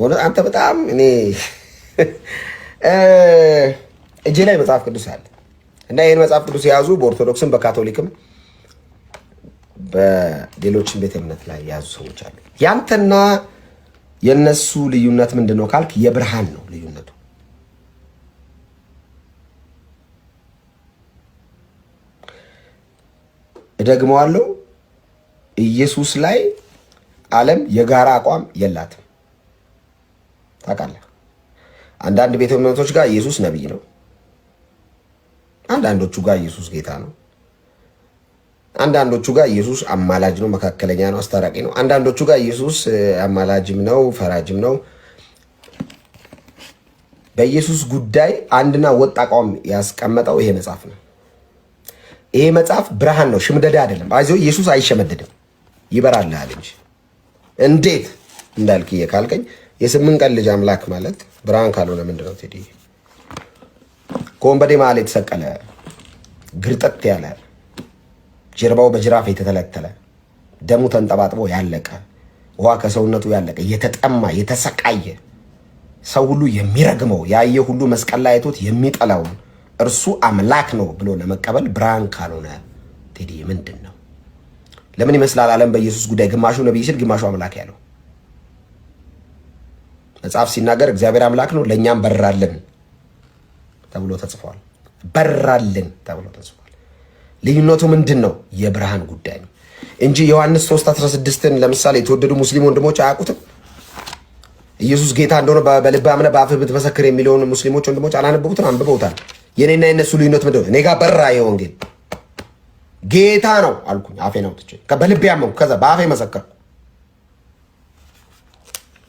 በእውነት አንተ በጣም እኔ እጄ ላይ መጽሐፍ ቅዱስ አለ እና ይህን መጽሐፍ ቅዱስ የያዙ በኦርቶዶክስም በካቶሊክም በሌሎችም ቤተ እምነት ላይ የያዙ ሰዎች አሉ። ያንተና የነሱ ልዩነት ምንድን ነው ካልክ የብርሃን ነው ልዩነቱ። እደግመዋለሁ፣ ኢየሱስ ላይ ዓለም የጋራ አቋም የላትም። ታውቃለህ። አንዳንድ ቤተ እምነቶች ጋር ኢየሱስ ነቢይ ነው። አንዳንዶቹ ጋር ኢየሱስ ጌታ ነው። አንዳንዶቹ ጋር ኢየሱስ አማላጅ ነው፣ መካከለኛ ነው፣ አስታራቂ ነው። አንዳንዶቹ ጋር ኢየሱስ አማላጅም ነው፣ ፈራጅም ነው። በኢየሱስ ጉዳይ አንድና ወጥ አቋም ያስቀመጠው ይሄ መጽሐፍ ነው። ይሄ መጽሐፍ ብርሃን ነው፣ ሽምደዳ አይደለም። አይዞ ኢየሱስ አይሸመደድም፣ ይበራልሃል እንጂ እንዴት እንዳልክዬ ካልከኝ የስምንት ቀን ልጅ አምላክ ማለት ብርሃን ካልሆነ ምንድን ነው? ቴዲ ከወንበዴ መሀል የተሰቀለ ግርጠት ያለ ጀርባው በጅራፍ የተተለተለ ደሙ ተንጠባጥቦ ያለቀ ውሃ ከሰውነቱ ያለቀ የተጠማ የተሰቃየ ሰው ሁሉ የሚረግመው ያየ ሁሉ መስቀል ላይ አይቶት የሚጠላውን እርሱ አምላክ ነው ብሎ ለመቀበል ብርሃን ካልሆነ ቴዲ ምንድን ነው? ለምን ይመስላል ዓለም በኢየሱስ ጉዳይ ግማሹ ነቢይ ሲል ግማሹ አምላክ ያለው? መጽሐፍ ሲናገር እግዚአብሔር አምላክ ነው ለእኛም በራልን ተብሎ ተጽፏል። በራልን ተብሎ ተጽፏል። ልዩነቱ ምንድን ነው? የብርሃን ጉዳይ ነው እንጂ ዮሐንስ 3:16ን ለምሳሌ የተወደዱ ሙስሊም ወንድሞች አያውቁትም። ኢየሱስ ጌታ እንደሆነ በልብ አምነህ በአፍ ብትመሰክር የሚለውን ሙስሊሞች ወንድሞች አላነበቡትም? አንብበውታል። የኔና የነሱ ልዩነት ምንድን ነው? እኔ ጋር በራ የወንጌል ጌታ ነው አልኩኝ፣ አፌን አውጥቼ በልቤ ያመንኩ፣ ከዛ በአፌ መሰከርኩ።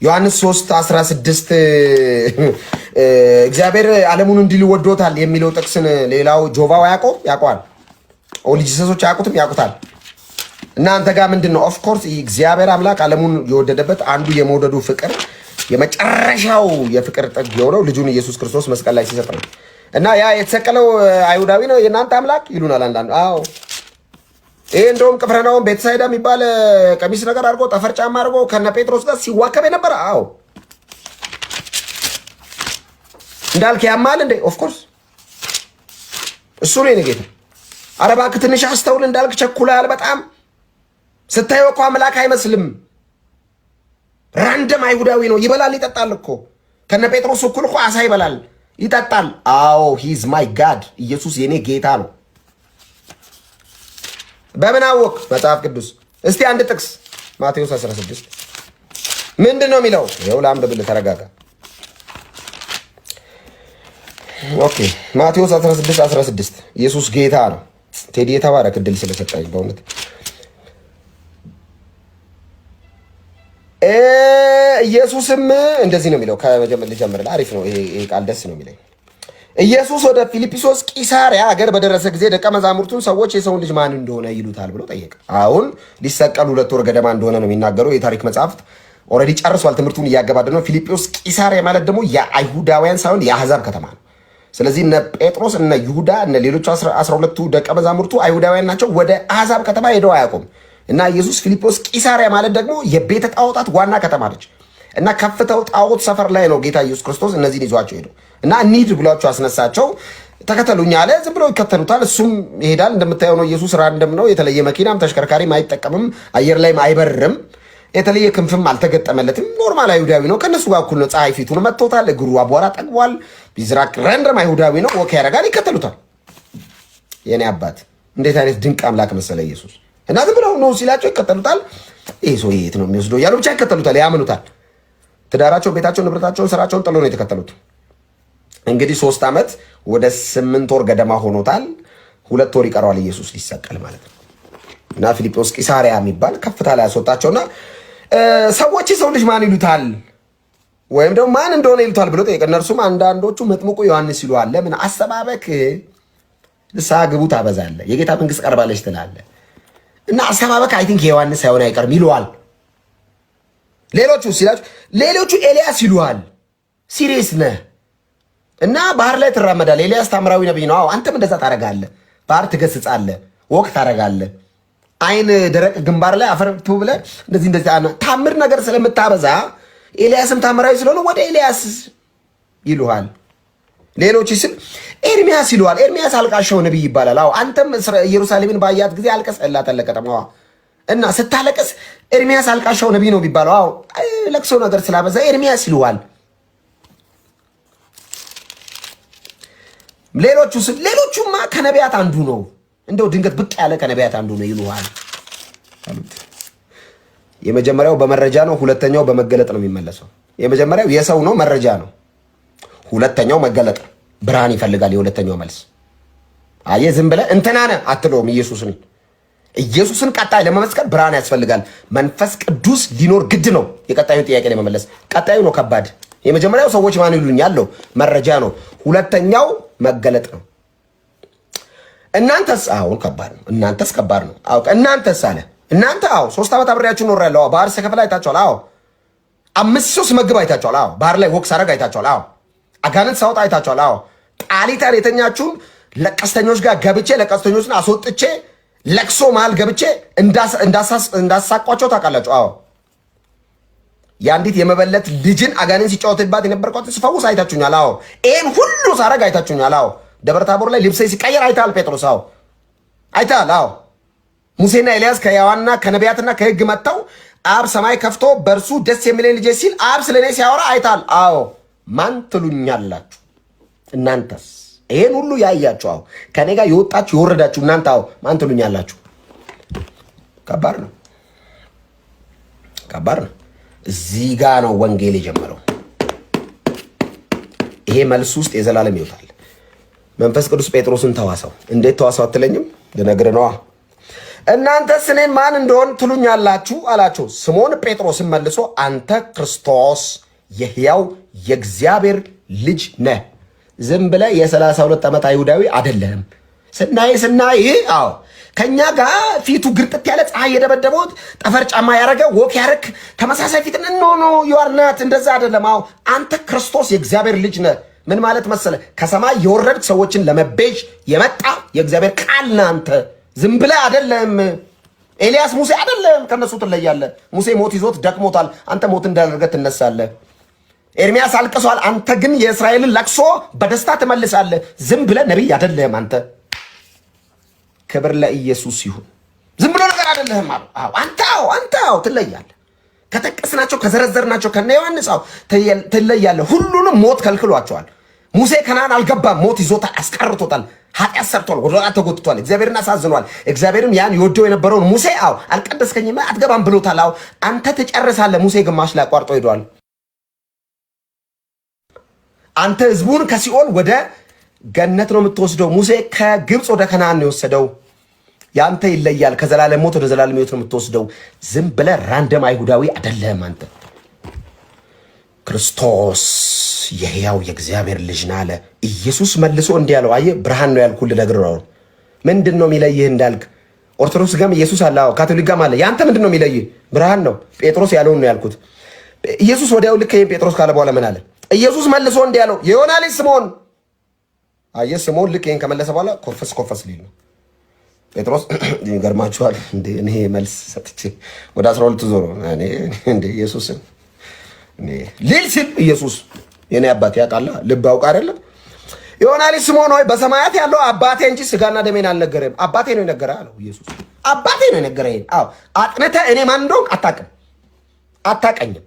ዮሐንስ 3 16 እግዚአብሔር ዓለሙን እንዲል ወዶታል የሚለው ጥቅስን ሌላው ጆቫው ያቆ ያውቀዋል። ኦንሊ ጂሰሶች አያውቁትም፣ ያውቁታል። እና አንተ ጋር ምንድን ነው? ኦፍኮርስ እግዚአብሔር አምላክ ዓለሙን የወደደበት አንዱ የመውደዱ ፍቅር የመጨረሻው የፍቅር ጥግ የሆነው ልጁን ኢየሱስ ክርስቶስ መስቀል ላይ ሲሰጥ ነው። እና ያ የተሰቀለው አይሁዳዊ ነው የእናንተ አምላክ ይሉናል አንዳንዱ። አዎ ይህ እንደውም ቅፍረናውን ቤተሳይዳ የሚባል ቀሚስ ነገር አድርጎ ጠፈር ጫማ አድርጎ ከነ ጴጥሮስ ጋር ሲዋከብ የነበረ አዎ፣ እንዳልክ ያማል እንዴ? ኦፍኮርስ እሱ ነው የነጌታ። ኧረ እባክህ ትንሽ አስተውል። እንዳልክ ቸኩላል በጣም ስታየው እኮ አምላክ አይመስልም። ራንደም አይሁዳዊ ነው። ይበላል ይጠጣል እኮ ከነ ጴጥሮስ እኩል እኮ አሳ ይበላል ይጠጣል። አዎ ሂዝ ማይ ጋድ ኢየሱስ የኔ ጌታ ነው። በምን አወቅ? መጽሐፍ ቅዱስ እስቲ አንድ ጥቅስ ማቴዎስ 16 ምንድን ነው የሚለው? ይኸው ለአንብብል፣ ተረጋጋ። ኦኬ ማቴዎስ 16 16 ኢየሱስ ጌታ ነው። ቴዲ የተባረክ እድል ስለሰጠኝ በእውነት ኢየሱስም እንደዚህ ነው የሚለው። ከመጀመር ልጀምርልህ፣ አሪፍ ነው ይሄ ቃል፣ ደስ ነው የሚለኝ ኢየሱስ ወደ ፊልጵስዩስ ቂሳሪያ አገር በደረሰ ጊዜ ደቀ መዛሙርቱን ሰዎች የሰውን ልጅ ማን እንደሆነ ይሉታል ብሎ ጠየቀ። አሁን ሊሰቀል ሁለት ወር ገደማ እንደሆነ ነው የሚናገረው የታሪክ መጽሐፍት። ኦልሬዲ ጨርሷል፣ ትምህርቱን እያገባደ ነው። ፊልጵስዩስ ቂሳሪያ ማለት ደግሞ የአይሁዳውያን ሳይሆን የአህዛብ ከተማ ነው። ስለዚህ እነ ጴጥሮስ እነ ይሁዳ እነ ሌሎቹ አስራ ሁለቱ ደቀ መዛሙርቱ አይሁዳውያን ናቸው። ወደ አህዛብ ከተማ ሄደው አያውቁም እና ኢየሱስ ፊልጵስዩስ ቂሳሪያ ማለት ደግሞ የቤተ ጣዖታት ዋና ከተማ ነች። እና ከፍተው ጣዖት ሰፈር ላይ ነው ጌታ ኢየሱስ ክርስቶስ እነዚህን ይዟቸው ሄደው እና እንሂድ ብሏቸው አስነሳቸው። ተከተሉኝ አለ። ዝም ብለው ይከተሉታል። እሱም ይሄዳል። እንደምታየው ነው። ኢየሱስ ራንደም ነው። የተለየ መኪናም ተሽከርካሪም አይጠቀምም። አየር ላይም አይበርም። የተለየ ክንፍም አልተገጠመለትም። ኖርማል አይሁዳዊ ነው። ከእነሱ ጋር እኩል ነው። ፀሐይ ፊቱን መጥቶታል። እግሩ አቧራ ጠግቧል። ቢዝራቅ ረንድረም አይሁዳዊ ነው። ወክ ያደርጋል። ይከተሉታል። የእኔ አባት እንዴት አይነት ድንቅ አምላክ መሰለ ኢየሱስ እና ዝም ብለው ነው ሲላቸው ይከተሉታል። ይሄ ሰው የት ነው የሚወስደው እያሉ ብቻ ይከተሉታል፣ ያምኑታል። ትዳራቸው፣ ቤታቸው፣ ንብረታቸውን፣ ስራቸውን ጥሎ ነው የተከተሉት። እንግዲህ ሶስት ዓመት ወደ ስምንት ወር ገደማ ሆኖታል። ሁለት ወር ይቀረዋል ኢየሱስ ሊሰቀል ማለት ነው። እና ፊልጶስ ቂሳሪያ የሚባል ከፍታ ላይ ያስወጣቸውና ሰዎች የሰው ልጅ ማን ይሉታል ወይም ደግሞ ማን እንደሆነ ይሉታል ብሎ ጠየቀ። እነርሱም አንዳንዶቹ መጥምቁ ዮሐንስ ይሉሃል። ለምን አሰባበክ ንስሐ ግቡ ታበዛለህ፣ የጌታ መንግስት ቀርባለች ትላለህ እና አሰባበክ አይ ቲንክ የዮሐንስ ሳይሆን አይቀርም ይለዋል። ሌሎቹ ሲላችሁ ሌሎቹ ኤልያስ ይሉሃል። ሲሪየስ ነህ እና ባህር ላይ ትራመዳለህ። ኤልያስ ታምራዊ ነብይ ነው። አዎ አንተም እንደዛ ታደርጋለህ። ባህር ትገስጻለህ፣ ወቅ ታደርጋለህ። አይን ደረቅ ግንባር ላይ አፈር ብለህ እንደዚህ እንደዚህ ታምር ነገር ስለምታበዛ ኤልያስም ታምራዊ ስለሆነ ወደ ኤልያስ ይሉሃል። ሌሎች ስም ኤርሚያስ ይሉሃል። ኤርሚያስ አልቃሻው ነብይ ይባላል። አዎ አንተም ኢየሩሳሌምን ባያት ጊዜ አልቀስ እላታለህ ከተማዋ እና ስታለቀስ ኤርሚያስ አልቃሻው ነቢይ ነው የሚባለው። አዎ ለቅሶ ነገር ስላበዛ ኤርሚያስ ይልዋል። ሌሎቹ ሌሎቹማ ከነቢያት አንዱ ነው፣ እንደው ድንገት ብቅ ያለ ከነቢያት አንዱ ነው ይልዋል። የመጀመሪያው በመረጃ ነው፣ ሁለተኛው በመገለጥ ነው የሚመለሰው። የመጀመሪያው የሰው ነው መረጃ ነው፣ ሁለተኛው መገለጥ ብርሃን ይፈልጋል። የሁለተኛው መልስ አየህ፣ ዝም ብለህ እንትናነ ነህ አትለውም ኢየሱስን ኢየሱስን ቀጣይ ለመመስከር ብርሃን ያስፈልጋል። መንፈስ ቅዱስ ሊኖር ግድ ነው። የቀጣዩ ጥያቄ ለመመለስ ቀጣዩ ነው ከባድ። የመጀመሪያው ሰዎች ማን ይሉኝ ያለው መረጃ ነው። ሁለተኛው መገለጥ ነው። እናንተስ? አሁን ከባድ ነው። እናንተስ? ከባድ ነው። አው እናንተስ አለ። እናንተ አው ሶስት ዓመት አብሬያችሁ ኖር ያለው ባህር ሰከፍ ላይ አይታችኋል። አው አምስት ሶስት መግብ አይታችኋል። አው ባህር ላይ ወክ ሳረግ አይታችኋል። አው አጋንንት ሳወጣ አይታችኋል። አው ጣሊታን የተኛችሁን ለቀስተኞች ጋር ገብቼ ለቀስተኞችን አስወጥቼ ለቅሶ መሃል ገብቼ እንዳሳቋቸው ታውቃላችሁ። አዎ የአንዲት የመበለት ልጅን አጋንን ሲጫወትባት የነበርኳት ስፈውስ አይታችሁኛል። አዎ ይህን ሁሉ ሳረግ አይታችሁኛል። አዎ ደብረ ታቦር ላይ ልብሴ ሲቀየር አይታል። ጴጥሮስ አዎ አይታል። አዎ ሙሴና ኤልያስ ከያዋና ከነቢያትና ከህግ መጥተው አብ ሰማይ ከፍቶ በእርሱ ደስ የሚለኝ ልጄ ሲል አብ ስለ እኔ ሲያወራ አይታል። አዎ ማን ትሉኛላችሁ እናንተስ? ይሄን ሁሉ ያያችሁ አሁን ከኔ ጋር የወጣችሁ የወረዳችሁ እናንተ አሁን ማን ትሉኛላችሁ? ከባድ ነው፣ ከባድ ነው። እዚህ ጋ ነው ወንጌል የጀመረው። ይሄ መልሱ ውስጥ የዘላለም ይወጣል። መንፈስ ቅዱስ ጴጥሮስን ተዋሰው። እንዴት ተዋሰው አትለኝም? ልነግርህ ነዋ። እናንተስ እኔን ማን እንደሆን ትሉኛላችሁ አላቸው። ስሞን ጴጥሮስን መልሶ አንተ ክርስቶስ የሕያው የእግዚአብሔር ልጅ ነህ ዝም ብለህ የሰላሳ ሁለት ዓመት አይሁዳዊ አይደለም። ስናይ ስናይ አዎ ከኛ ጋር ፊቱ ግርጥት ያለ ፀሐይ የደበደበው ጠፈር ጫማ ያረገ ወክ ያረክ ተመሳሳይ ፊት ኖ ኖ እንደዛ አይደለም። አዎ አንተ ክርስቶስ የእግዚአብሔር ልጅ ነህ። ምን ማለት መሰለ ከሰማይ የወረድክ ሰዎችን ለመቤዥ የመጣ የእግዚአብሔር ቃል ነህ አንተ። ዝም ብለህ አይደለም። ኤልያስ ሙሴ አይደለም። ከነሱ ትለያለህ። ሙሴ ሞት ይዞት ደክሞታል። አንተ ሞት እንዳደረገ ትነሳለህ። ኤርሚያስ አልቅሷል። አንተ ግን የእስራኤልን ለቅሶ በደስታ ትመልሳለህ። ዝም ብለህ ነቢይ አይደለህም አንተ። ክብር ለኢየሱስ ይሁን። ዝም ብሎ ነገር አይደለህም አሉ። አዎ አንተ፣ አዎ አንተ፣ አዎ ትለያለህ። ከጠቀስናቸው ከዘረዘርናቸው ከነ ዮሐንስ አዎ ትለያለህ። ሁሉንም ሞት ከልክሏቸዋል። ሙሴ ከናን አልገባም። ሞት ይዞታል፣ አስቀርቶታል። ኃጢአት ሰርቷል፣ ወደ ኋላ ተጎትቷል። እግዚአብሔርን አሳዝኗል። እግዚአብሔርም ያን የወደው የነበረውን ሙሴ አዎ አልቀደስከኝም፣ አትገባም ብሎታል። አዎ አንተ ትጨርሳለህ። ሙሴ ግማሽ ላይ አቋርጦ ሄደዋል። አንተ ህዝቡን ከሲኦል ወደ ገነት ነው የምትወስደው። ሙሴ ከግብፅ ወደ ከናን ነው የወሰደው። ያንተ ይለያል። ከዘላለም ሞት ወደ ዘላለም ህይወት ነው የምትወስደው። ዝም ብለህ ራንደም አይሁዳዊ አይደለም አንተ። ክርስቶስ የህያው የእግዚአብሔር ልጅ ነህ አለ። ኢየሱስ መልሶ እንዲህ አለው፣ አየህ ብርሃን ነው ያልኩህ ልነግርህ ነው። ምንድን ነው የሚለይህ እንዳልክ ኦርቶዶክስ ጋም ኢየሱስ አለ፣ ካቶሊክ ጋም አለ። ያንተ ምንድን ነው የሚለይህ? ብርሃን ነው። ጴጥሮስ ያለውን ነው ያልኩት። ኢየሱስ ወዲያው ልክ ይሄን ጴጥሮስ ካለ በኋላ ምን አለ? ኢየሱስ መልሶ እንዲህ አለው፣ የዮና ልጅ ስምዖን። አየ ስምዖን ልክ ይሄን ከመለሰ በኋላ ኮፈስ ኮፈስ ሊል ነው። ጴጥሮስ ይገርማችኋል፣ እንደ እኔ መልስ ሰጥቼ ወደ አስራ ሁለቱ ዞሮ እኔ እንደ ኢየሱስ ሊል ሲል ኢየሱስ የኔ አባት ያውቃላ፣ ልብ አውቅ አይደለም ዮና ልጅ ስምዖን ሆይ በሰማያት ያለው አባቴ እንጂ ስጋና ደሜን አልነገረም። አባቴ ነው የነገረ አለው ኢየሱስ። አባቴ ነው የነገረ ይሄን። አዎ አጥንተህ እኔ ማን እንደሆንክ አታውቅም፣ አታውቀኝም።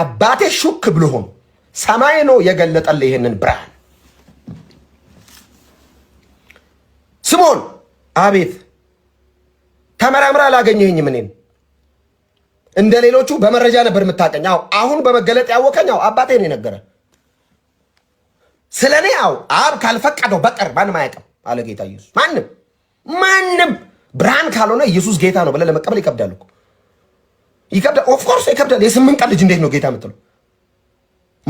አባቴ ሹክ ብሎ ሆኖ ሰማይ ነው የገለጠልህ ይህንን ብርሃን። ስምዖን አቤት፣ ተመራምራ አላገኘኸኝም። እኔን እንደ ሌሎቹ በመረጃ ነበር የምታቀኝ። አዎ አሁን በመገለጥ ያወቀኝ አዎ አባቴ ነው የነገረ ስለ እኔ። አዎ አብ ካልፈቀደው በቀር ማንም አያውቅም አለ ጌታ ኢየሱስ። ማንም ማንም ብርሃን ካልሆነ ኢየሱስ ጌታ ነው ብለህ ለመቀበል ይከብዳል እኮ ይከብዳል። ኦፍኮርስ ይከብዳል። የስምንት ቀን ልጅ እንዴት ነው ጌታ የምትለው?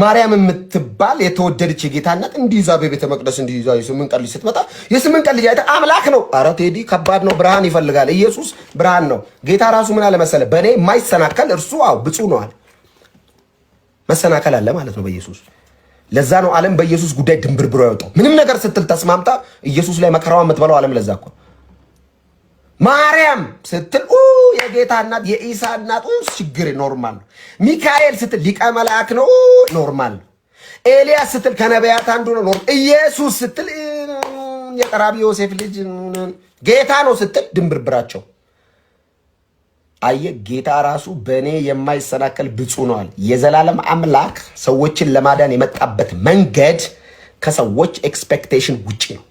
ማርያም የምትባል የተወደደች የጌታ እናት እንዲህ ይዛ በቤተ መቅደስ እንዲህ ይዛ የስምንት ቀን ልጅ ስትመጣ የስምንት ቀን ልጅ አይተህ አምላክ ነው። ኧረ ቴዲ ከባድ ነው። ብርሃን ይፈልጋል። ኢየሱስ ብርሃን ነው። ጌታ ራሱ ምን አለ መሰለ በእኔ የማይሰናከል እርሱ አው ብፁዕ ነዋል። መሰናከል አለ ማለት ነው በኢየሱስ ለዛ ነው ዓለም በኢየሱስ ጉዳይ ድንብርብሮ ያወጣው። ምንም ነገር ስትል ተስማምታ ኢየሱስ ላይ መከራዋ የምትበላው ዓለም ለዛ እኮ ማርያም ስትል የጌታ እናት የኢሳ እናት ችግር ኖርማል ነው። ሚካኤል ስትል ሊቀ መላእክ ነው ኖርማል ነው። ኤልያስ ስትል ከነቢያት አንዱ ነው ኖር ኢየሱስ ስትል የቀራቢ ዮሴፍ ልጅ ጌታ ነው ስትል ድንብርብራቸው አየ ጌታ ራሱ በእኔ የማይሰናከል ብፁዕ ነው የዘላለም አምላክ ሰዎችን ለማዳን የመጣበት መንገድ ከሰዎች ኤክስፔክቴሽን ውጭ ነው።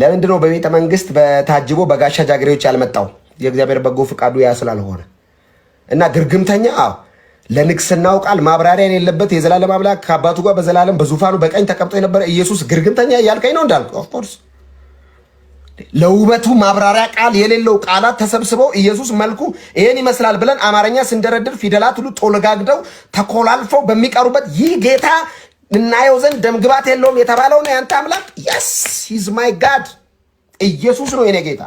ለምንድን ነው በቤተ መንግስት በታጅቦ በጋሻ ጃግሬዎች ያልመጣው? የእግዚአብሔር በጎ ፍቃዱ ያ ስላልሆነ እና ግርግምተኛ አዎ ለንግስናው ቃል ማብራሪያ የሌለበት የዘላለም አምላክ ከአባቱ ጋር በዘላለም በዙፋኑ በቀኝ ተቀምጦ የነበረ ኢየሱስ ግርግምተኛ እያልከኝ ነው እንዳልኩ። ኦፍኮርስ ለውበቱ ማብራሪያ ቃል የሌለው ቃላት ተሰብስበው ኢየሱስ መልኩ ይህን ይመስላል ብለን አማርኛ ስንደረድር ፊደላት ሁሉ ጦልጋግደው ተኮላልፈው በሚቀሩበት ይህ ጌታ እናየው ዘንድ ደምግባት የለውም የተባለው ነው ያንተ አምላክ። የስ ሂዝ ማይ ጋድ ኢየሱስ ነው የኔ ጌታ።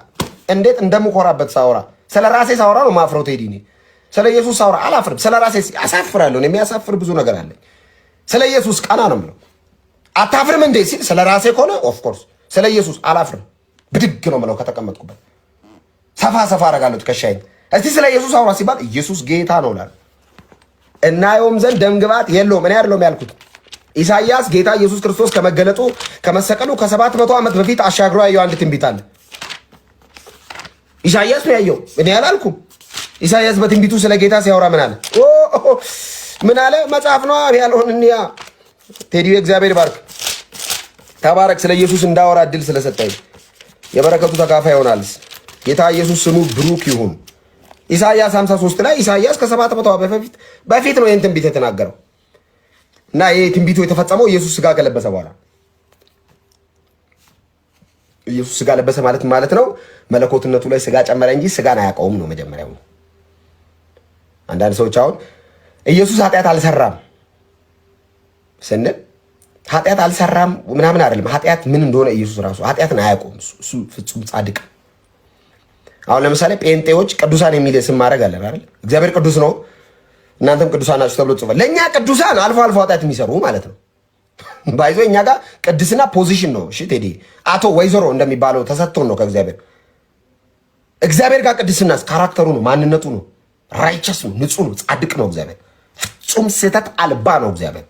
እንዴት እንደምኮራበት ሳውራ፣ ስለ ራሴ ሳውራ ነው ማፍረው። ቴዲ እኔ ስለ ኢየሱስ ሳውራ አላፍርም። ስለ ራሴ አሳፍራለሁ። የሚያሳፍር ብዙ ነገር አለኝ። ስለ ኢየሱስ ቀና ነው ምለው። አታፍርም እንዴ ሲል ስለ ራሴ ከሆነ ኦፍኮርስ ስለ ኢየሱስ አላፍርም። ብድግ ነው ምለው። ከተቀመጥኩበት። ሰፋ ሰፋ አረጋለሁ ትከሻዬን። እስቲ ስለ ኢየሱስ አውራ ሲባል ኢየሱስ ጌታ ነው ላል እናየውም ዘንድ ደምግባት የለውም እኔ አይደለሁም ያልኩት ኢሳይያስ ጌታ ኢየሱስ ክርስቶስ ከመገለጡ ከመሰቀሉ ከሰባት መቶ ዓመት በፊት አሻግሮ ያየው አንድ ትንቢት አለ። ኢሳይያስ ነው ያየው፣ እኔ አላልኩም። ኢሳይያስ በትንቢቱ ስለ ጌታ ሲያወራ ምን አለ? ምን አለ? መጽሐፍ ነው ያለውን እኒያ ቴዲ እግዚአብሔር ባርክ ተባረክ። ስለ ኢየሱስ እንዳወራ እድል ስለሰጠኝ የበረከቱ ተካፋይ ይሆናልስ። ጌታ ኢየሱስ ስሙ ብሩክ ይሁን። ኢሳይያስ 53 ላይ ኢሳይያስ ከሰባት መቶ በፊት በፊት ነው ይህን ትንቢት የተናገረው። እና ይሄ ትንቢቱ የተፈጸመው ኢየሱስ ስጋ ከለበሰ በኋላ ኢየሱስ ስጋ ለበሰ ማለት ማለት ነው። መለኮትነቱ ላይ ስጋ ጨመረ እንጂ ስጋን አያውቀውም ነው መጀመሪያው። አንዳንድ ሰዎች አሁን ኢየሱስ ኃጢአት አልሰራም ስንል ኃጢአት አልሰራም ምናምን አይደለም። ኃጢአት ምን እንደሆነ ኢየሱስ ራሱ ኃጢአትን አያውቀውም። እሱ ፍጹም ጻድቅ። አሁን ለምሳሌ ጴንጤዎች ቅዱሳን የሚል ስም ማድረግ አለን አይደል? እግዚአብሔር ቅዱስ ነው እናንተም ቅዱሳን ናችሁ ተብሎ ጽፏል። ለእኛ ቅዱሳን አልፎ አልፎ ኃጢአት የሚሰሩ ማለት ነው። ባይዞ እኛ ጋር ቅድስና ፖዚሽን ነው። እሺ ቴዲ አቶ ወይዘሮ እንደሚባለው ተሰጥቶን ነው ከእግዚአብሔር እግዚአብሔር ጋር ቅድስናስ ካራክተሩ ነው፣ ማንነቱ ነው፣ ራይቸስ ነው፣ ንጹህ ነው፣ ጻድቅ ነው። እግዚአብሔር ፍጹም ስህተት አልባ ነው። እግዚአብሔር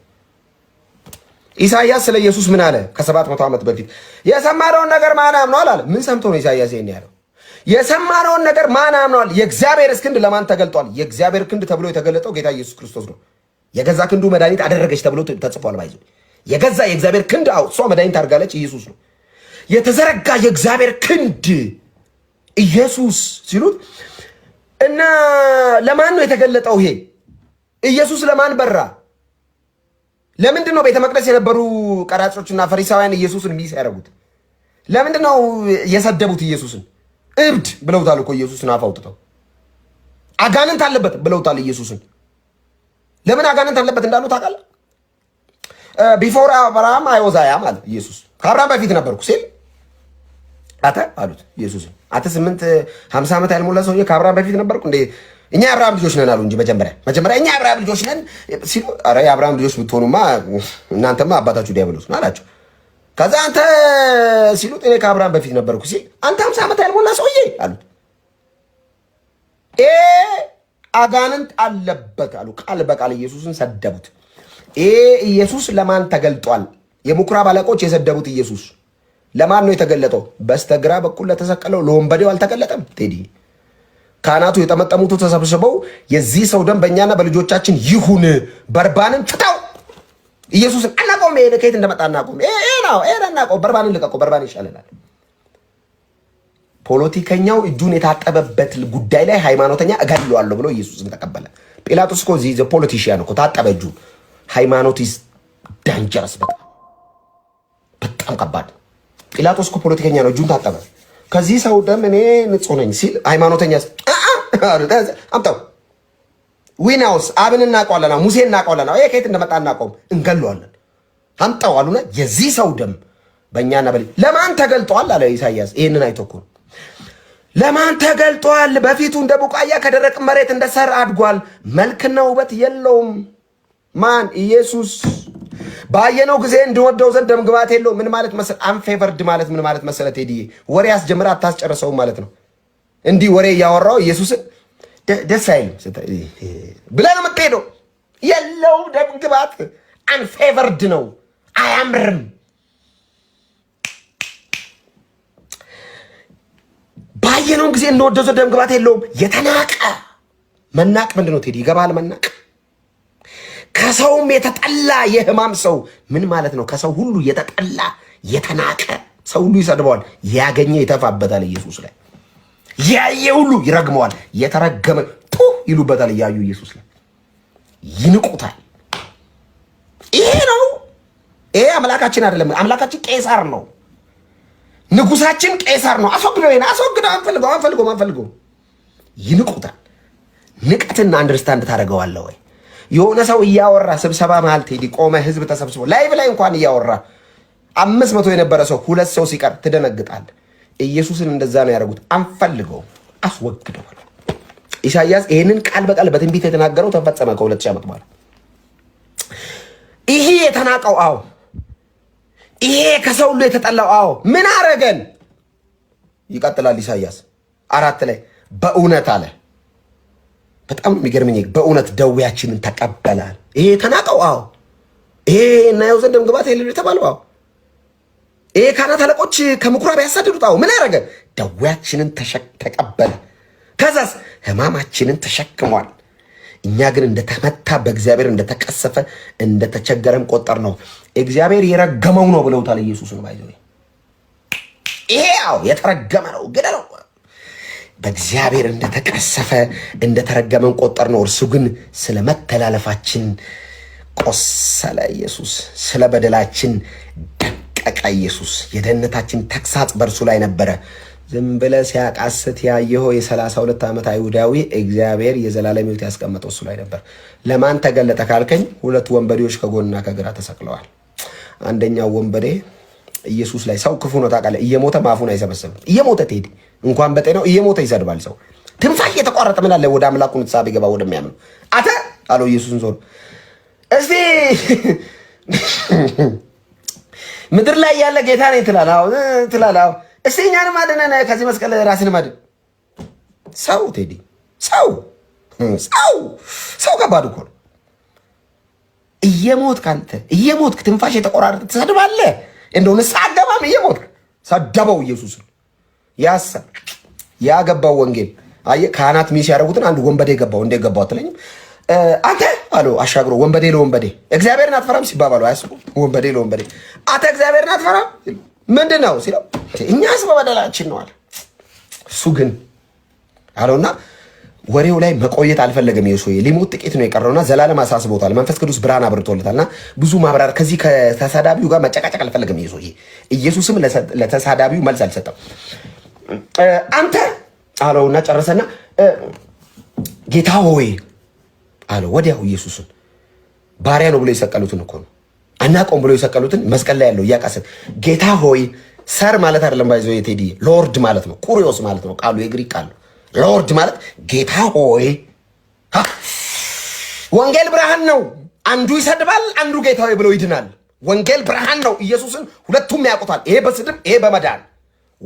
ኢሳያስ ስለ ኢየሱስ ምን አለ? ከሰባት መቶ ዓመት በፊት የሰማነውን ነገር ማናም ነው አላለ። ምን ሰምቶ ነው ኢሳያስ ይሄን ያለው? የሰማነውን ነገር ማን አምነዋል? የእግዚአብሔርስ ክንድ ለማን ተገልጧል? የእግዚአብሔር ክንድ ተብሎ የተገለጠው ጌታ ኢየሱስ ክርስቶስ ነው። የገዛ ክንዱ መድኃኒት አደረገች ተብሎ ተጽፏል። ባይዘ የገዛ የእግዚአብሔር ክንድ አው እሷ መድኃኒት አድርጋለች። ኢየሱስ ነው የተዘረጋ የእግዚአብሔር ክንድ ኢየሱስ ሲሉት እና ለማን ነው የተገለጠው? ይሄ ኢየሱስ ለማን በራ? ለምንድን ነው ቤተ መቅደስ የነበሩ ቀራጮችና ፈሪሳውያን ኢየሱስን ሚስ ያደረጉት? ለምንድን ነው የሰደቡት ኢየሱስን? እብድ ብለውታል እኮ ኢየሱስን አፍ አውጥተው። አጋንንት አለበት ብለውታል ኢየሱስን። ለምን አጋንንት አለበት እንዳሉ ታውቃለህ? ቢፎር አብርሃም አይወዛያ ማለት ኢየሱስ ከአብርሃም በፊት ነበርኩ ሲል አተ አሉት ኢየሱስን አተ ስምንት ሀምሳ ዓመት ያልሞላ ሰው ከአብርሃም በፊት ነበርኩ እንዴ? እኛ የአብርሃም ልጆች ነን አሉ እንጂ መጀመሪያ መጀመሪያ እኛ የአብርሃም ልጆች ነን ሲሉ፣ ኧረ የአብርሃም ልጆች ብትሆኑማ እናንተማ አባታችሁ ዲያብሎስ ነው አላቸው። ከዛ አንተ ሲሉት እኔ ከአብርሃም በፊት ነበርኩ ሲል አንተ ሀምሳ ዓመት ያልሞላ ሰውዬ አሉ። ይሄ አጋንንት አለበት አሉ። ቃል በቃል ኢየሱስን ሰደቡት። ይሄ ኢየሱስ ለማን ተገልጧል? የምኩራብ አለቆች የሰደቡት ኢየሱስ ለማን ነው የተገለጠው? በስተግራ በኩል ለተሰቀለው ለወንበዴው አልተገለጠም። ቴዲ ካህናቱ የጠመጠሙቱ ተሰብስበው የዚህ ሰው ደም በእኛና በልጆቻችን ይሁን፣ በርባንን ፍታው ኢየሱስን አናውቀውም። ይሄ ከየት እንደመጣ አናውቀውም። ይሄ ነው ይሄ አናውቀውም። በርባንን ልቀቀው፣ በርባን ይሻለናል። ፖለቲከኛው እጁን የታጠበበት ጉዳይ ላይ ሃይማኖተኛ እገድለዋለሁ ብሎ ኢየሱስን ተቀበለ። ጲላጦስ እኮ ዚ ፖለቲሽያን እኮ ታጠበ እጁ። ሃይማኖት ኢዝ ዳንጀረስ፣ በጣም በጣም ከባድ። ጲላጦስ እኮ ፖለቲከኛ ነው፣ እጁን ታጠበ። ከዚህ ሰው ደም እኔ ንጹሕ ነኝ ሲል ሃይማኖተኛ አምጣው ዊናውስ አብን እናውቀዋለና ሙሴ እናቀዋለን። ይሄ ከየት እንደመጣ እናቀውም፣ እንገለዋለን። አምጣው አሉና የዚህ ሰው ደም በእኛና በ ለማን ተገልጠዋል? አለ ኢሳያስ። ይህንን አይቶ ለማን ተገልጧል። በፊቱ እንደ ቡቃያ ከደረቅ መሬት እንደ ሰር አድጓል። መልክና ውበት የለውም። ማን ኢየሱስ ባየነው ጊዜ እንድወደው ዘንድ ደምግባት የለው። ምን ማለት መሰለ አንፌቨርድ ማለት ምን ማለት መሰለ ቴዲዬ፣ ወሬ አስጀምረ አታስጨርሰውም ማለት ነው። እንዲህ ወሬ እያወራው ኢየሱስን ደስ አይልም ብለህ ነው የምትሄደው። የለውም ደም ግባት አንፌቨርድ ነው፣ አያምርም። ባየነውን ጊዜ እንደወደዘ ደም ግባት የለውም። የተናቀ መናቅ ምንድን ነው? ትሄድ ይገባል። መናቅ ከሰውም የተጠላ የህማም ሰው ምን ማለት ነው? ከሰው ሁሉ የተጠላ የተናቀ ሰው ሁሉ ይሰድበዋል፣ ያገኘ ይተፋበታል ኢየሱስ ላይ ያየ ሁሉ ይረግመዋል፣ የተረገመ ቱ ይሉበታል። እያዩ ኢየሱስ ላይ ይንቁታል። ይሄ ነው። ይሄ አምላካችን አይደለም። አምላካችን ቄሳር ነው። ንጉሳችን ቄሳር ነው። አስወግደው፣ ይሄን አስወግደው። አንፈልገው፣ አንፈልገው፣ አንፈልገው። ይንቁታል። ንቀትና አንደርስታንድ ታደርገዋለህ ወይ? የሆነ ሰው እያወራ ስብሰባ መሀል ቴዲ ቆመ፣ ህዝብ ተሰብስቦ ላይቭ ላይ እንኳን እያወራ አምስት መቶ የነበረ ሰው ሁለት ሰው ሲቀር ትደነግጣለህ። ኢየሱስን እንደዛ ነው ያደረጉት። አንፈልገው አስወግደዋል። ኢሳያስ ይህንን ቃል በቃል በትንቢት የተናገረው ተፈጸመ ከሁለት ሺህ ዓመት በኋላ። ይሄ የተናቀው አዎ፣ ይሄ ከሰው ሁሉ የተጠላው አዎ፣ ምን አረገን? ይቀጥላል ኢሳያስ አራት ላይ በእውነት አለ። በጣም የሚገርመኝ በእውነት ደዌያችንን ተቀበላል። ይሄ የተናቀው አዎ፣ ይሄ እናየው ዘንድ ምግባት የሌሉ የተባለው አዎ ይሄ ካህናት አለቆች ከምኩራብ ያሳድዱት። ምን ያደረገ? ደዌያችንን ተቀበለ። ከዛስ ህማማችንን ተሸክሟል። እኛ ግን እንደተመታ በእግዚአብሔር እንደተቀሰፈ እንደተቸገረም ቆጠር ነው። እግዚአብሔር የረገመው ነው ብለውታል ኢየሱስን። ባይዘው ይሄ ያው የተረገመ ነው ግደ ነው በእግዚአብሔር እንደተቀሰፈ እንደተረገመን ቆጠር ነው። እርሱ ግን ስለ መተላለፋችን ቆሰለ። ኢየሱስ ስለ በደላችን ደም ረቀቀ ኢየሱስ። የደህንነታችን ተግሳጽ በእርሱ ላይ ነበረ። ዝም ብለ ሲያቃስት ያየኸው የሰላሳ ሁለት ዓመት አይሁዳዊ እግዚአብሔር የዘላለም ሕይወት ያስቀመጠው እሱ ላይ ነበር። ለማን ተገለጠ ካልከኝ ሁለት ወንበዴዎች ከጎንና ከግራ ተሰቅለዋል። አንደኛው ወንበዴ ኢየሱስ ላይ ሰው ክፉ ነው ታውቃለህ። እየሞተ ማፉን አይሰበስብም። እየሞተ ትሄድ እንኳን በጤናው እየሞተ ይሰድባል። ሰው ትንፋ እየተቋረጠ ምን አለ ወደ አምላኩ ንስሐ ቢገባ ወደሚያምኑ አተ አለው ኢየሱስን ዞር እስቲ ምድር ላይ ያለ ጌታ ነኝ ትላል። አዎ ትላል። አዎ እስቲ እኛንም አድነን ከዚህ መስቀል ራስን ማድን። ሰው ቴዲ ሰው ሰው ሰው ከባድ እኮ ነው። እየሞት ካንተ እየሞት ትንፋሽ የተቆራረጠ ትሰድባለህ። እንደውን ሳገባም እየሞት ሰደበው ኢየሱስን ያሳ ያገባው ወንጌል አየህ ካህናት ሚስ ያደረጉትን አንድ ወንበዴ ገባው እንደ ገባው አትለኝም አንተ አሉ አሻግሮ ወንበዴ ለወንበዴ እግዚአብሔርን አትፈራም ሲባባሉ አያስቡ። ወንበዴ ለወንበዴ አንተ እግዚአብሔርን አትፈራም ምንድን ነው ሲለው እኛስ በበደላችን ነው አለ። እሱ ግን አለውና ወሬው ላይ መቆየት አልፈለገም። የሱ ሊሞት ጥቂት ነው የቀረውና ዘላለም አሳስቦታል። መንፈስ ቅዱስ ብርሃን አብርቶለታልና ብዙ ማብራር ከዚህ ከተሳዳቢው ጋር መጨቃጨቅ አልፈለገም። የሱ ኢየሱስም ለተሳዳቢው መልስ አልሰጠም። አንተ አለውና ጨረሰና ጌታ ሆይ አለ። ወዲያው ኢየሱስን ባሪያ ነው ብሎ የሰቀሉትን እኮ ነው አናቆም ብሎ የሰቀሉትን መስቀል ላይ ያለው እያቃሰት ጌታ ሆይ ሰር ማለት አይደለም። ባይዞ የቴዲ ሎርድ ማለት ነው። ኩሪዮስ ማለት ነው ቃሉ የግሪክ ቃል ሎርድ ማለት ጌታ ሆይ። ወንጌል ብርሃን ነው። አንዱ ይሰድባል፣ አንዱ ጌታ ሆይ ብሎ ይድናል። ወንጌል ብርሃን ነው። ኢየሱስን ሁለቱም ያውቁታል። ይሄ በስድብ ይሄ በመዳን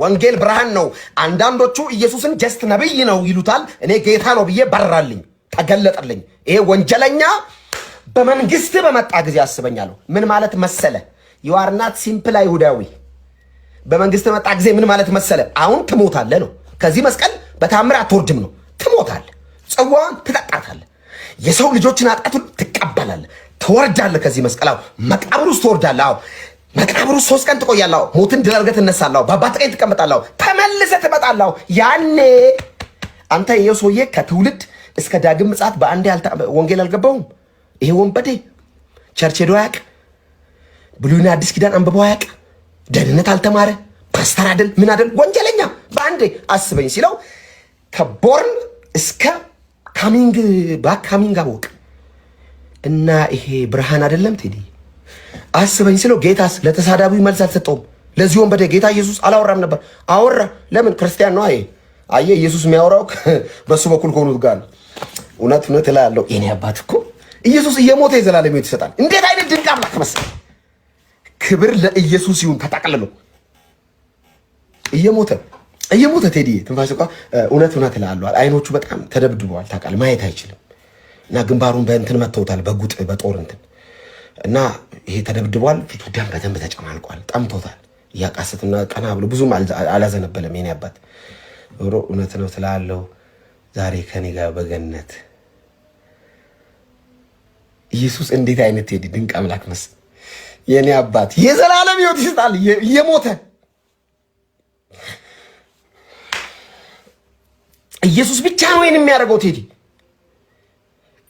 ወንጌል ብርሃን ነው። አንዳንዶቹ ኢየሱስን ጀስት ነብይ ነው ይሉታል። እኔ ጌታ ነው ብዬ በራልኝ። ተገለጠልኝ። ይሄ ወንጀለኛ በመንግስት በመጣ ጊዜ አስበኛለሁ። ምን ማለት መሰለ? የዋርናት ሲምፕል አይሁዳዊ በመንግስት በመጣ ጊዜ ምን ማለት መሰለ? አሁን ትሞታለ ነው። ከዚህ መስቀል በታምር አትወርድም ነው። ትሞታለ፣ ጽዋን ትጠጣታለ፣ የሰው ልጆችን አጣቱን ትቀበላለ፣ ትወርዳለ ከዚህ መስቀል አዎ፣ መቃብር ውስጥ ትወርዳለ። አዎ፣ መቃብር ውስጥ ሶስት ቀን ትቆያለሁ። ሞትን ድል አድርገህ ትነሳለህ። በአባት ቀኝ ትቀመጣለሁ። ተመልሰህ ትመጣለሁ። ያኔ አንተ የሰውዬ ከትውልድ እስከ ዳግም ምጽአት በአንድ ወንጌል አልገባውም። ይሄ ወንበዴ ቸርች ሄዶ አያውቅ፣ ብሉይና አዲስ ኪዳን አንብበው አያውቅ፣ ደህንነት አልተማረ፣ ፓስተር አይደል ምን አይደል ወንጀለኛ። በአንዴ አስበኝ ሲለው ከቦርን እስከ ካሚንግ ባክ ካሚንግ አወቅ እና ይሄ ብርሃን አይደለም ቴዲ አስበኝ ስለው ጌታስ ለተሳዳቢ መልስ አልሰጠውም። ለዚህ ወንበዴ ጌታ ኢየሱስ አላወራም ነበር። አወራ። ለምን? ክርስቲያን ነው። አየ አየ ኢየሱስ የሚያወራው በሱ በኩል ከሆኑት ጋር ነው። እውነት እውነት እላለሁ የኔ አባት እኮ ኢየሱስ እየሞተ የዘላለም ሕይወት ይሰጣል። እንዴት አይነት ድንቅ አምላክ መሰለ! ክብር ለኢየሱስ ይሁን። ተጠቅልሎ እየሞተ እየሞተ ቴዲ ትንፋሽ እንኳ እውነት እውነት እላለሁ። አይኖቹ በጣም ተደብድበዋል ታውቃለህ፣ ማየት አይችልም እና ግንባሩን በእንትን መተውታል፣ በጉጥ በጦር እንትን እና ይሄ ተደብድቧል። ፊቱ ደም በደንብ ተጨማልቋል፣ ጠምቶታል። እያቃሰትና ቀና ብሎ ብዙም አላዘነበለም። የኔ አባት ብሮ እውነት ነው ስላለው ዛሬ ከኔ ጋር በገነት ኢየሱስ እንዴት አይነት ሄድ ድንቅ አምላክ መስ የኔ አባት የዘላለም ሕይወት ይሰጣል እየሞተ ኢየሱስ ብቻ ነው ይሄን የሚያደርገው። ቴዲ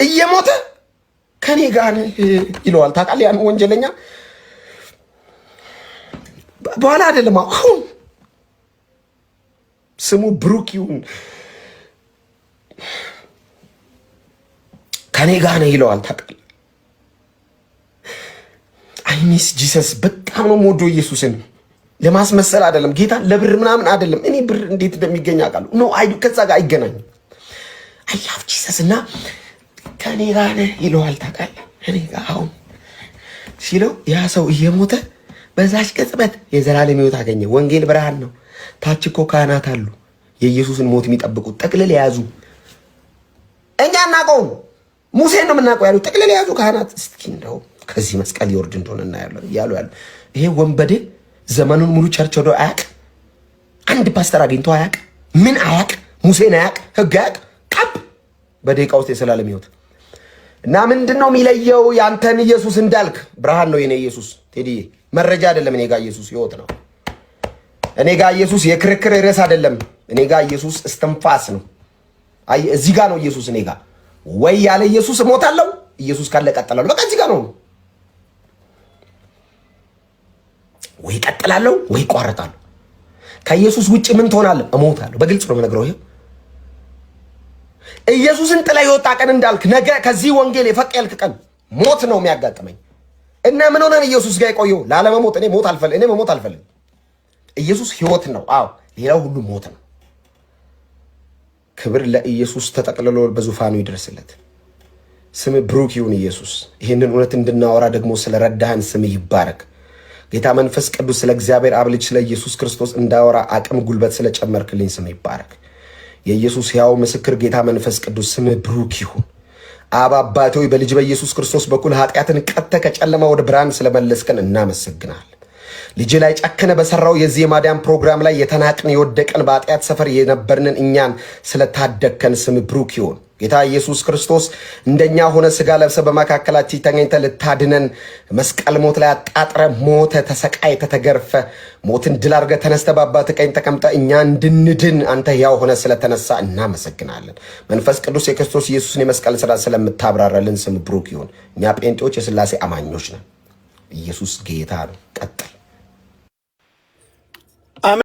እየሞተ ከኔ ጋር ይለዋል። ታውቃለህ፣ ያን ወንጀለኛ በኋላ አይደለም አሁን ስሙ ብሩክ ይሁን ከኔ ጋር ነው ይለዋል። ታውቃለህ ሚስ ጂሰስ በጣም ነው የምወደው ኢየሱስን። ለማስመሰል አይደለም፣ ጌታ ለብር ምናምን አይደለም። እኔ ብር እንዴት እንደሚገኝ አውቃለሁ። ኖ አይ ከዛ ጋር አይገናኝም። አይ ላቭ ጂሰስ እና ከኔ ጋር ነህ ይለዋል። ታውቃለህ እኔ ጋር አሁን ሲለው ያ ሰው እየሞተ በዛች ቅጽበት የዘላለም ሕይወት አገኘ። ወንጌል ብርሃን ነው። ታች እኮ ካህናት አሉ የኢየሱስን ሞት የሚጠብቁት ጠቅልል የያዙ እኛ እናውቀውም ሙሴን ነው የምናውቀው ያሉት ጠቅልል የያዙ ካህናት እስኪ እንደው ከዚህ መስቀል ይወርድ እንደሆነ እናያለን እያሉ ያለ ይሄ ወንበዴ ዘመኑን ሙሉ ቸርች ወደ አያቅ አንድ ፓስተር አግኝቶ አያቅ ምን አያቅ ሙሴን አያቅ ህግ አያቅ ቀብ በደቂቃ ውስጥ የሰላለም ህይወት እና ምንድን ነው የሚለየው? ያንተን ኢየሱስ እንዳልክ ብርሃን ነው የኔ ኢየሱስ ቴዲዬ፣ መረጃ አይደለም። እኔ ጋር ኢየሱስ ህይወት ነው። እኔ ጋር ኢየሱስ የክርክር ርዕስ አይደለም። እኔ ጋር ኢየሱስ እስትንፋስ ነው። እዚህ ጋር ነው ኢየሱስ። እኔ ጋር ወይ ያለ ኢየሱስ እሞታለሁ፣ ኢየሱስ ካለ እቀጥላለሁ። በቃ እዚህ ጋር ነው። ወይ ይቀጥላለሁ ወይ ይቋረጣለሁ ከኢየሱስ ውጭ ምን ትሆናለህ? እሞታለሁ። በግልጽ ነው የምነግረው። ይሄ ኢየሱስን ጥላ የወጣ ቀን እንዳልክ ነገ ከዚህ ወንጌል የፈቀ ያልክ ቀን ሞት ነው የሚያጋጥመኝ እና ምን ሆነን ኢየሱስ ጋር የቆየው ላለመሞት እኔ ሞት አልፈልግ እኔ መሞት አልፈልግ። ኢየሱስ ህይወት ነው። አዎ ሌላው ሁሉ ሞት ነው። ክብር ለኢየሱስ ተጠቅልሎ በዙፋኑ ይደርስለት ስም ብሩክ ይሁን ኢየሱስ። ይህንን እውነት እንድናወራ ደግሞ ስለረዳህን ስም ይባረክ። ጌታ መንፈስ ቅዱስ ስለ እግዚአብሔር አብ ልጅ ስለ ኢየሱስ ክርስቶስ እንዳወራ አቅም ጉልበት ስለጨመርክልኝ ስም ይባረክ። የኢየሱስ ሕያው ምስክር ጌታ መንፈስ ቅዱስ ስም ብሩክ ይሁን። አብ አባቴ በልጅ በኢየሱስ ክርስቶስ በኩል ኃጢአትን ቀጥተ ከጨለማ ወደ ብርሃን ስለመለስከን እናመሰግናል። ልጅ ላይ ጨክነ በሰራው የዚህ የማዳን ፕሮግራም ላይ የተናቅን የወደቀን በኃጢአት ሰፈር የነበርንን እኛን ስለታደግከን ስም ብሩክ ይሁን። ጌታ ኢየሱስ ክርስቶስ እንደኛ ሆነ ስጋ ለብሰ በመካከላችን ተገኝተ ልታድነን መስቀል ሞት ላይ አጣጥረ ሞተ፣ ተሰቃይተ፣ ተገርፈ ሞትን ድል አድርገ ተነስተ በአባት ቀኝ ተቀምጠ እኛ እንድንድን አንተ ያው ሆነ ስለተነሳ እናመሰግናለን። መንፈስ ቅዱስ የክርስቶስ ኢየሱስን የመስቀል ስራ ስለምታብራራልን ስም ብሩክ ይሁን። እኛ ጴንጤዎች የስላሴ አማኞች ነን። ኢየሱስ ጌታ ነው። ቀጥል